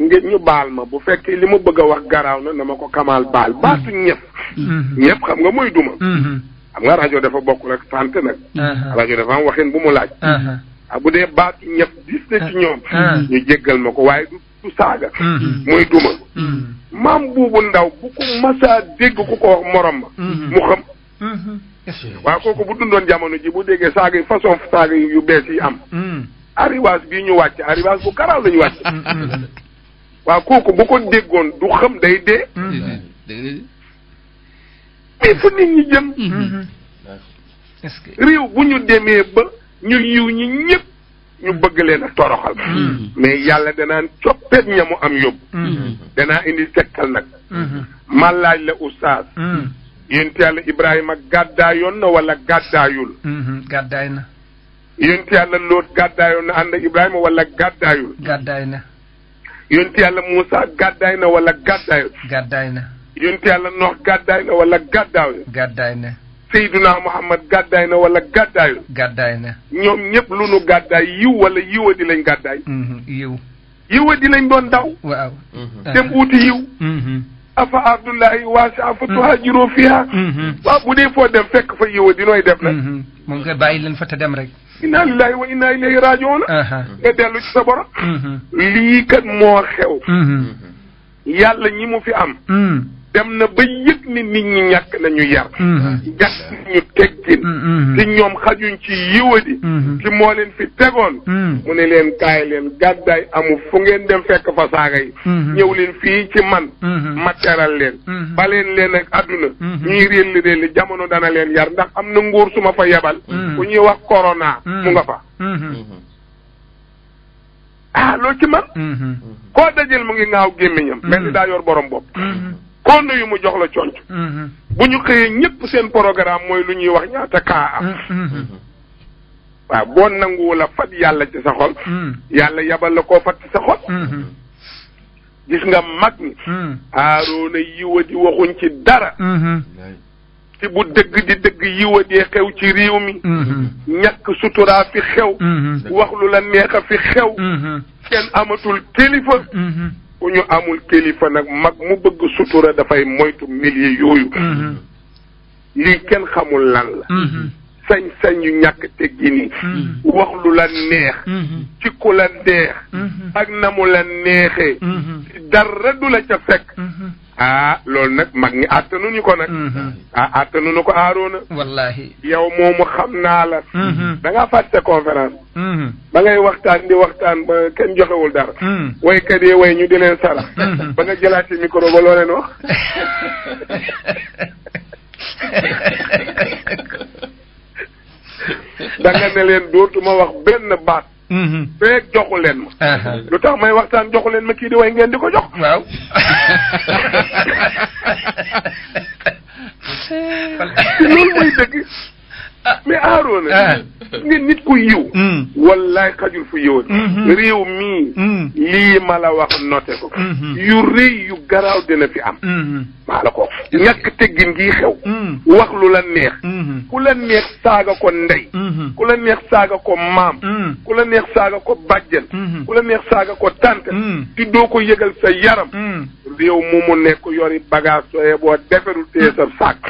ngeen ñu baal ma bu fekkee li ma bëgg a wax garaaw na na ma ko kamaal baal mm-hmm. baatu ñëpp. Mm-hmm. ñëpp xam nga mooy duma. Mm-hmm. xam nga rajo dafa bokk rek sant nag. Uh-huh. rajo dafa am waxin bu mu laaj. Uh-huh. ah bu dee baatu ñëpp gis na ci uh-huh. ñoom. ñu jéggal ma ko waaye du du saaga. mooy duma. maam buubu ndaw bu ko masaa dégg ku ko wax morom ma. mu xam. waaye kooku bu dundoon jamono ji bu déggee saaga yi façon saaga yu bees yi am. arrivage bii ñu wàcc arrivage bu garaaw la ñu wàcc. waa kooku bu ko déggoon du xam day dee. mais fu nit ñi jëm. est réew bu ñu demee ba ñu yiw ñi ñëpp ñu bëgg leen a toroxal. Mm-hmm. mais yàlla danaan coppeet ñamu am yóbbu. Mm-hmm. danaa indi tegtal nag. Mm-hmm. ma la oustaz. yonent yàlla Ibrahima gàddaayoon na wala gàddaayul. gàddaay na. yonent yàlla Lóot gàddaayoon na ànd Ibrahima wala gàddaayul. gàddaay na. yonti yàlla Moussa gàddaay na wala gàddaayut. gàddaay na. yonti yàlla Noox gàddaay na walla gàddaayut. gàddaay na. Seyduna Muhammad gàddaay na wala gàddaayut. gàddaay na. ñoom ñëpp lu nu gàddaay yiw wala yiwa di lañ gàddaay. Mhm, yiw. yiwa di lañ doon daw. waaw. Mhm. Ah. dem uuti yiw. Mhm. afa ardullahi waasi'a fa tuhaajiru fiihaa. waaw bu dee foo dem fekk fa yiwa di nooy def nag. moom nga bàyyi leen fa te dem rek. inna lillahi wa inna ilayhi rajiun nga dellu ci sa borom mhm. lii kat moo xew mhm. yàlla ñi mu fi am mhm. dem na ba ni nit ñi ñàkk nañu yar gas mm-hmm. ñu teggin ci mm-hmm. ñoom xajuñ ci yiwadi mm-hmm. ci moo leen fi tegoon mu ne leen kaay leen gàddaay amu fu ngeen dem fekk fa saaga yi ñëw leen fii ci man ma teral leen baleen leen ak àdduna ñuy réelli réelli jamono dana leen yar ndax am na nguur su ma fa yebal bu wax korona mu nga fa ah loolu ci man koo dajal mu ngi ngaaw gémmiñam mel ni daa borom bopp konde yu mu jox la conc mm-hmm. bu ñu xëyee ñëpp seen programme mooy lu ñuy wax ñaata kaa am mm-hmm. Mm-hmm. waaw boo nanguwu la fat yàlla ci sa xol yàlla yabal la koo fat ci sa xol gis nga mag ñi aaroona yiwa di waxuñ ci dara ci bu dëgg di dëgg yiwadee xew ci réew mi ñàkk suturaa fi xew wax lu la neex a fi xew kenn amatul kilifa ku ñu amul kilifa nag mag mu bëgg sutura dafay moytu milieu yooyu mm-hmm. lii kenn xamul lan la mm-hmm. sañ-sañ yu ñàkk teggin yi mm-hmm. wax lu la neex ci ku la neex ak na mu la neexee dara du la ca fekk ah loolu nag mag ñi àttanuñu ko nag. Mhm. ah àttanuñu ko aaroona. wallaahi yow moomu xam naa la. Mhm. da ngaa fàtte conférence. Mhm. ba ngay waxtaan di waxtaan kenn joxewul dara. waykat yi way ñu di leen sara. ba nga jëlaat ci micro ba loo leen wax. da ne leen dootuma wax benn baat. beeg mm-hmm. joxu leen ma. Uh-huh. lu tax may waxtaan joxu leen ma kii di way ngeen di ko jox. waaw. loolu mooy dëgg. mais aaroon uh-huh. gis nit ku yiw mm. wallaay xajul fu yiwal mm-hmm. réew mii mm. lii ma la wax noté ko mm-hmm. yu rëy yu garaaw dina fi am mm-hmm. maa la ko ñàkk teggin gi xew mm. wax lu la neex ku la neex saaga ko ndey ku la neex saaga ko maam ku la neex saaga ko bàjjen ku la neex saaga ko tànk ti doo ko yëgal sa yaram réew mu mu nekk yori bagage sooye boo deferul téye sàkk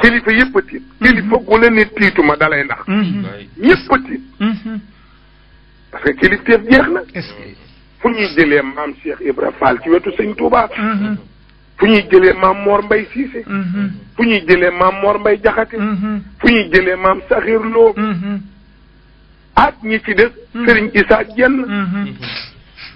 kilifa yëpp a tiit. Mhm. kilifa gu la ne tiituma dalay ndax. Mhm. Mhm. ñëpp a tiit. parce que kilifteef jeex na. fu ñuy jële maam Cheikh Ibra Fall ci wetu sëñ Touba. fu ñuy jëlee maam Mor Mbay Siise. fu ñuy jëlee maam Mor Mbay Jaxate. fu ñuy jëlee maam Saxiir Lo. ak ñi ci des. Sëriñ Isaa Jenn.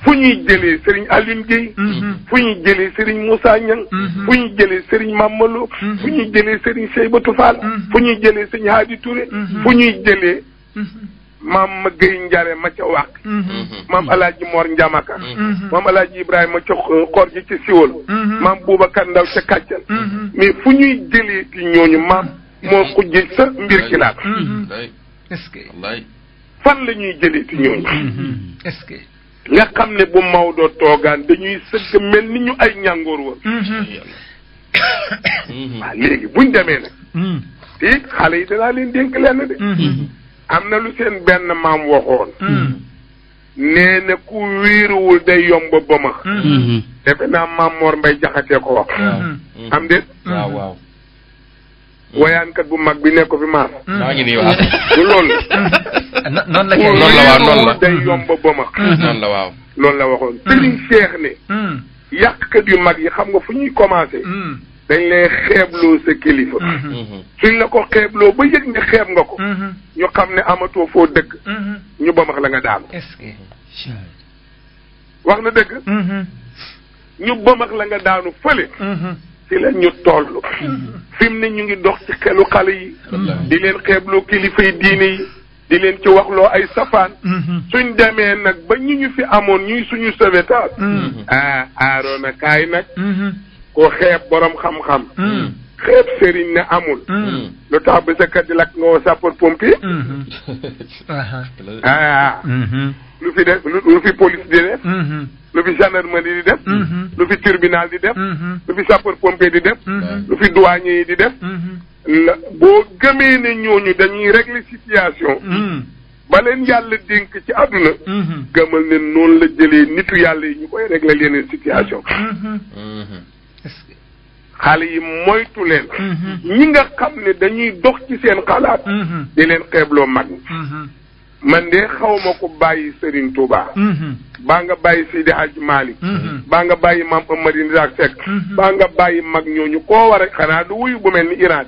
fu ñuy jëlee Serigne Alioune Guèye. fu mhm. ñuy jëlee sëriñ Moussa Niang. fu ñuy jëlee Serigne mhm. Mamadou. Mhm. fu ñuy jëlee Serigne Seybatou Fall. fu ñuy jëlee Serigne Hadi Touré. fu ñuy jëlee. maam ma Guèye Ndiare ma ca wàq. maam El Mor Ndiamaka. maam El Hadj Ibrahima ca xor ji ca Siwol. maam Boubacar Ndaw ca Kàccal. mais fu ñuy jëlee ci ñooñu maam moo xujjee sa mbir ci fan la ñuy jëlee ñooñu. nga xam ne bu Maodo toogaan dañuy sëgg mel ni ñu ay ñàngoor wa mm-hmm. waaw léegi buñ demee nag mm-hmm. te xale yi danaa leen dénk lenn de mm-hmm. am na lu seen benn maam waxoon nee ku wéeruwul day yomb ba ma defe naa maam Mor Mbay jaxatee ko wax am déet waaw waaw woyaankat bu bi nekk waaw loolu noonu la kay noonu la waaw noonu la day yomb ba ma hmm. noonu la waaw loolu la waxoon hmm. sëriñ Cheikh ne hmm. yu mag yi xam nga fu ñuy commencé dañ lay xeebloo sa kilifa suñ la ko xeebloo ba yëg ne xeeb nga ko ñu xam ne amatoo foo dëkk ñu bamax la nga daanu wax na dëgg ñu bamax la nga daanu fële ci la ñu toll fi ne ñu ngi dox ci xelu xale yi di leen xeebloo kilifa yi diine yi di leen ci wax loo ay safaan. Mm-hmm. suñ demee nag ba ñu ñu fi amoon ñuy suñu sauvetage. Mm-hmm. ah aaroona kaay nag. Mm-hmm. ko xeeb borom xam-xam. xeeb sëriñ ne amul. lu tax ba sa kat di lakk nga woo sapeur pompier. Uh-huh. ah. lu fi def lu fi police di def. lu fi gendarmerie di def. lu fi tribunal di def. lu fi sapeur pompier di def. lu fi douanier yi di def. la boo gëmee ne ñooñu dañuy régler situation. Hmm. ba leen yàlla dénk ci àdduna. Hmm. gëmal ne noonu la jëlee nitu yàlla yi ñu koy régler yeneen situation. Hmm. xale yi moytu leen. ñi nga xam ne dañuy dox ci seen xalaat. di leen xeebloo mag ñi. man de xaw ma ko bàyyi Serigne Touba. Mhm. baa nga bàyyi Seydi Hadj Malick. Mhm. bàyyi maam Amady Ndaak Seck. Mhm. bàyyi mag ñooñu koo war a xanaa du wuyu bu mel ni Iran.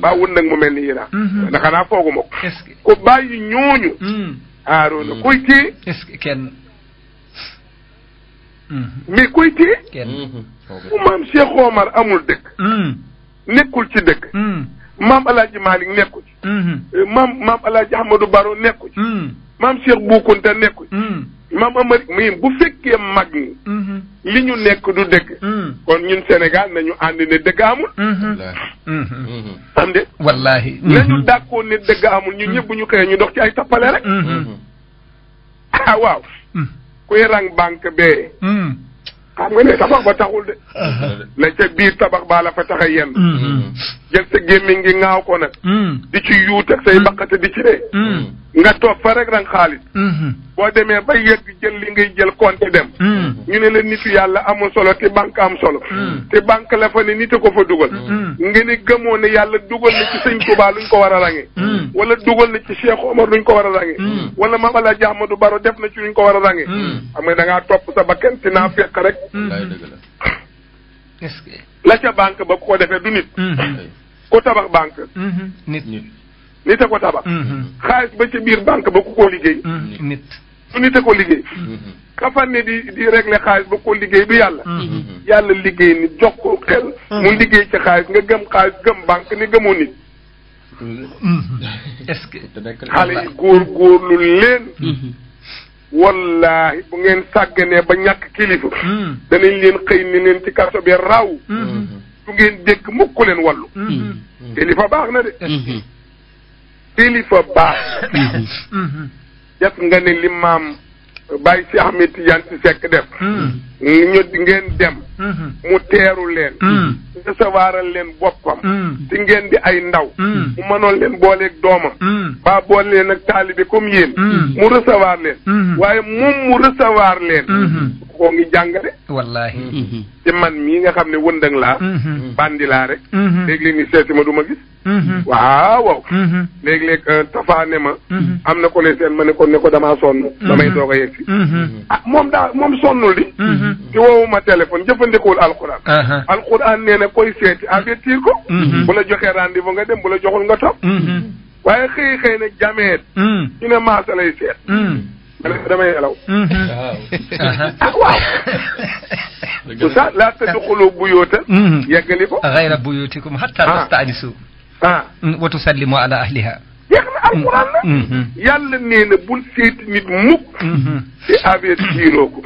baa wut nag mu mel ni Iran. na foogu ma ko. bàyyi ñooñu. aaroona kuy kii. est-ce que kenn. mais kuy amul dëkk. nekkul ci dëkk. maam El Hadj Malick nekkul ci. maam mm-hmm. maam El Hadj du Baro nekku ci. maam mm. Cheikh Boukounta nekku ci. maam mm. Amari miin bu fekkee mag mm-hmm. li ñu nekk du dëgg. Mm. kon ñun Sénégal nañu ànd ne dëgg amul. Mm-hmm. am de. wallaahi. nañu dàkkoon ne dëgg amul ñu ñëpp bu ñu xëyee ñu dox ci ay tappale rek. Ah, waaw. kuy rang banque bee. xam nga ne tabax ba taxul de. la uh-huh. ca biir tabax baa la fa tax a yenn. jël sa gémmiñ gi ŋaaw ko nag. Hmm. di ci yuut ak say hmm. baqate di ci dee. Hmm. nga toog fa rek rang xaalis. boo demee ba yegg jël li ngay jël compte dem. ñu ne la nitu yàlla amul solo te banque am solo. te banque la fa ne nit ko fa dugal. nga ne gëmoo ne yàlla dugal na ci sëñ lu luñ ko war a rangé. wala dugal na ci Cheikh Omar luñ ko war a rangé. wala Mame El Hadj Ahmadou Baro def na ci luñ ko war a rangé. xam nga da ngaa topp sa bakkan te naa fekk rek. la ca banque ba ku ko ko tabax banque. Mm-hmm. nit nit. nit a ko tabax. Mm-hmm. xaalis ba ca biir banque ba ku koo liggéey. Mm-hmm. nit su nit a ko liggéey. ka fan ne di di régler xaalis ba ko liggéey bi yàlla. yàlla liggéey nit jox ko xel. mu liggéey ci xaalis nga gëm xaalis gëm banque ni gëmoo nit. est-ce que. xale yi góor góorlu leen. wallaahi bu ngeen sàgganee ba ñàkk kilifa. Mm. danañ leen xëy ni leen ci kaso bi raw. bu ngeen dékk mukk ko leen wàllu kilifa mm-hmm. mm-hmm. baax na de kilifa mm-hmm. baax def nga ne li maam bàyyi si Ahmed Tidiane si sekk def ñu ngeen dem mu teeru leen recevoiral leen boppam mm. di ngeen di ay ndaw mm. mu mënoon leen booleeg doomam mm. baa boole leen ak taalibe comme yéen mu recevoir leen -hmm. waaye moom mu recevoir leen -hmm. koo ngi jàngale wallaahi ci man mii nga xam ne wëndëng laa -hmm. bandi laa rek léegi leen ni seeti ma du gis Mm-hmm. waaw waaw. Mm-hmm. léeg-léeg euh, Tafa ne ma. Mm-hmm. am ko ne seen ma ne ko ne damaa sonn. damay doog a yegg ah moom daa moom sonnul di. di woowu ma téléphone jëfandikowul alxuraan. Uh-huh. alxuraan nee na koy seeti avertir ah, ko. bu la joxee rendez-vous nga dem bu la joxul nga topp. waaye xëy xëy na jameet. Mm. ñu ne maasa lay seet. Mm. damay elaw. Uh-huh. ah waaw. dëgg la tout ça laata duxuloo buyoota. yeggali ko. xayra buyootikum hatta tastanisu ah. ah mm, wa tusallimu ala ahliha jeex na mm, mm, bul seeti nit mukk di avertiroo ko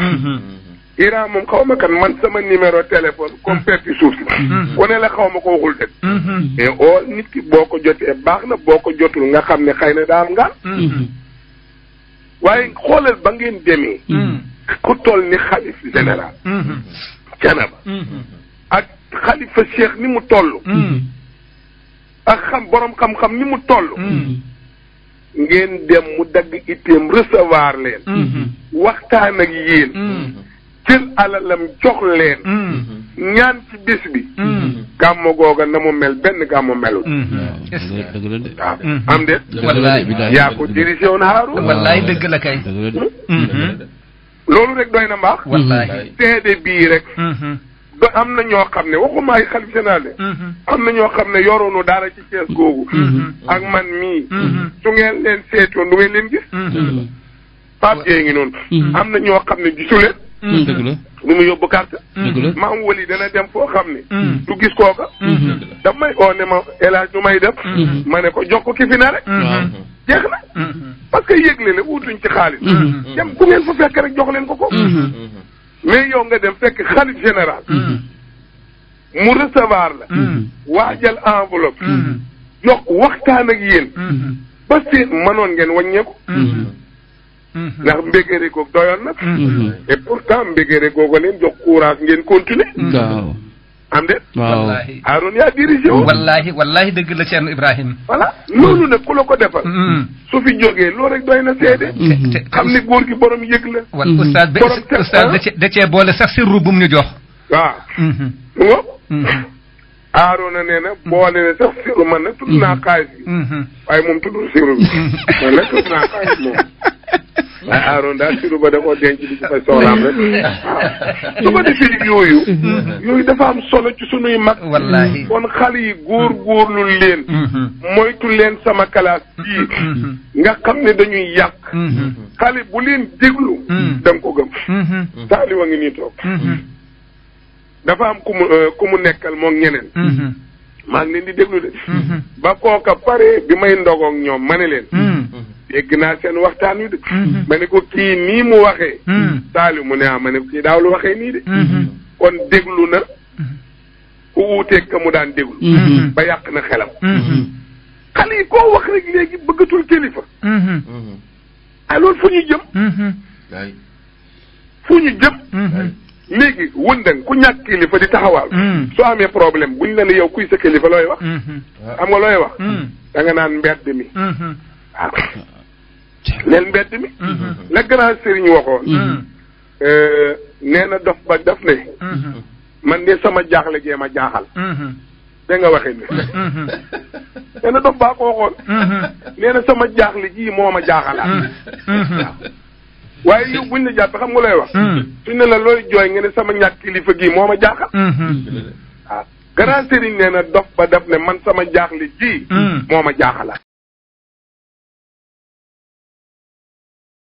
Iran moom xaw man sama numéro téléphone comme perti suuf si ne la xaw ko waxul dëgg mais nit ki boo ko jotee baax na boo ko jotul nga xam ne xëy na daal nga waaye xoolal ba ngeen demee ku toll ni xalif général canaba ak xalifa cheikh ni mu toll ak xam borom xam-xam ni mu toll. Mm-hmm. ngeen dem mu dagg itteem recevoir leen. Mm-hmm. waxtaan ak yéen. Mm-hmm. jël alalam jox leen. ñaan ci bis bi. gàmmu googa na mu mel benn gàmmu melul. am de. yaa ko dirigé wallaay dëgg la kay. Hmm? loolu rek doy na mbaax. wallaay seede bii rek. ba am na ñoo xam ne waxumaay xalif général mhm. am na ñoo xam ne yorunu dara ci Cees googu mhm. Mhm. ak man mii su ngeen leen seetoon du ngeen leen gis Pape Gueye ngi noonu am na ñoo xam ne gisuleen dëgg la lu mu yóbbu carte maam wali dana dem foo xam ne du gis kooka daf may oo ne ma élage nu may def ma ne ko jox ko ki na rek jeex na parce que yëgle la wutuñ ci xaalis dem ku ngeen fa fekk rek jox leen ko ko mais yow nga dem fekk xalif général. Mm. mu recevoir la. Mm. waajal enveloppe. jox mm. waxtaan ak yéen. ba manoon ngeen wàññeeku. ndax mbégéré googu doyoon na. et pourtant mbégéré googu leen jox courage ngeen continuer. am déet. waaw Haroun yaa dirigé wu. wallaahi wallaahi dëgg la Thierno Ibrahim. voilà loolu nag ku la ko defal. Mm-hmm. su fi jógee loolu rek doy na seede. Mm-hmm. te xam ne borom yëg la. wala oustaz ba oustaz ah. da cee boole sax sirru bu jo ñu jox. waaw. Aaroona mm-hmm. nee na boole ne sax siru man nag tudd naa xaalis bi. waaye moom tuddul siru bi man waaye ah, ah, aaroon daal siru ba da koo denc di ci fay soxlaam rek su ko defee yooyu mhm. yooyu dafa am solo ci sunuy mag wallaahi kon xale yi góor góorlu leen mhm. moytu leen sama kalaas yii mhm. nga xam ne dañuy yàq xale bu leen déglu da ko gëm taaliwa ngi nii toog dafa am ku mu euh, ku mu nekkal moom ñeneen maa ngi leen di déglu de ba kooka pare bi may ndogoog ñoom ma ne leen dégg naa seen waxtaan wi de. Mm-hmm. ma ne ko kii nii mu waxee. Mm-hmm. saali mu ne ah ma ne kii daaw lu waxee nii de. Mm-hmm. kon déglu na. ku wuuteeg ka mu daan déglu. ba yàq na xelam. xale yi koo wax rek léegi bëggatul kilifa. ah loolu fu ñu jëm. fu ñu jëm. léegi wëndang ku ñàkk kilifa di taxawaal. soo amee problème buñ la ne yow kuy sa kilifa looy wax. xam nga looy wax. danga naan mbedd mi. Ah. leen mbedd mi mhm. la grand sëriñ waxoon mhm. euh, nee na dof ba daf ne mhm. man de sama jaaxle gee ma jaaxal da nga waxee ni nee na dof baa ko waxoon nee sama jaaxle jii moo ma jaaxalaat waaw waaye yow buñ la jàppe xam nga lay wax suñ ne la looy jooy nga ne sama ñàkk kilifa gii moo ma jaaxal waaw grand sëriñ nee na dof ba daf ne man sama jaaxle jii moo ma jaaxalaat